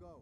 go.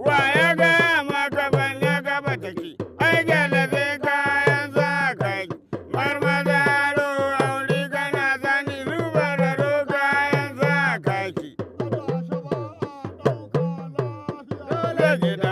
wa ya ga maka ya gaba take ai galabe kayan kana zani rubararo kayan za kai gida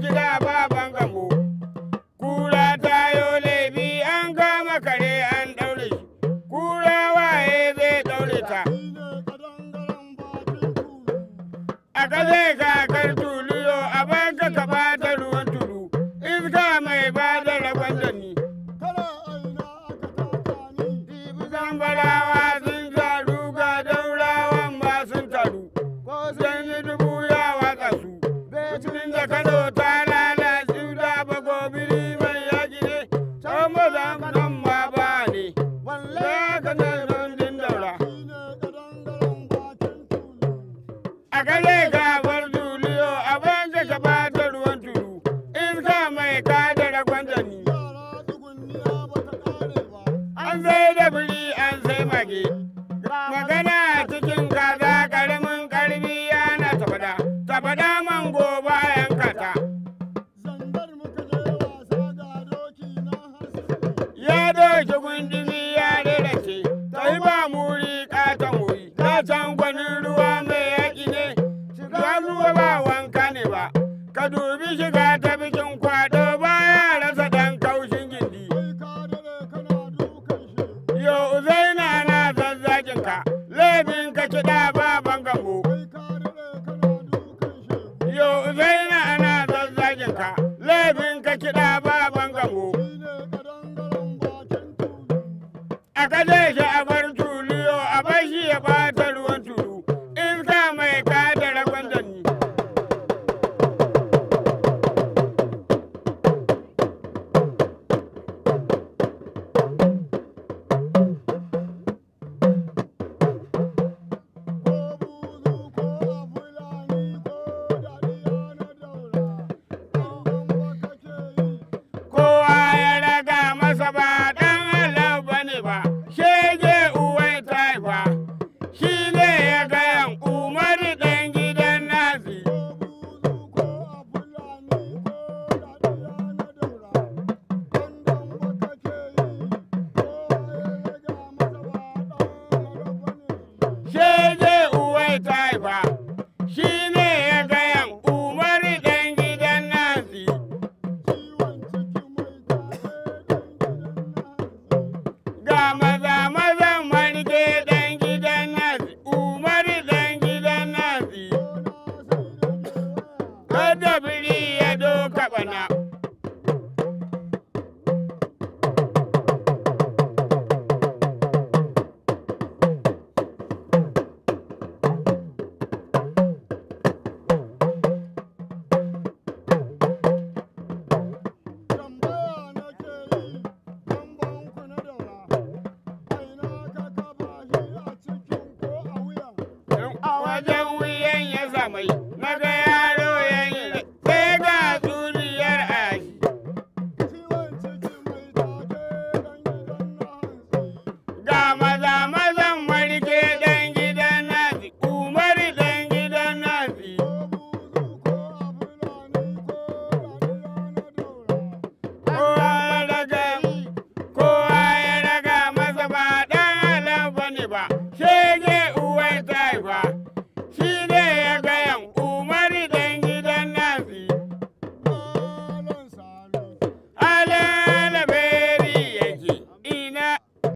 Jack, it out, by. Donald, Donald.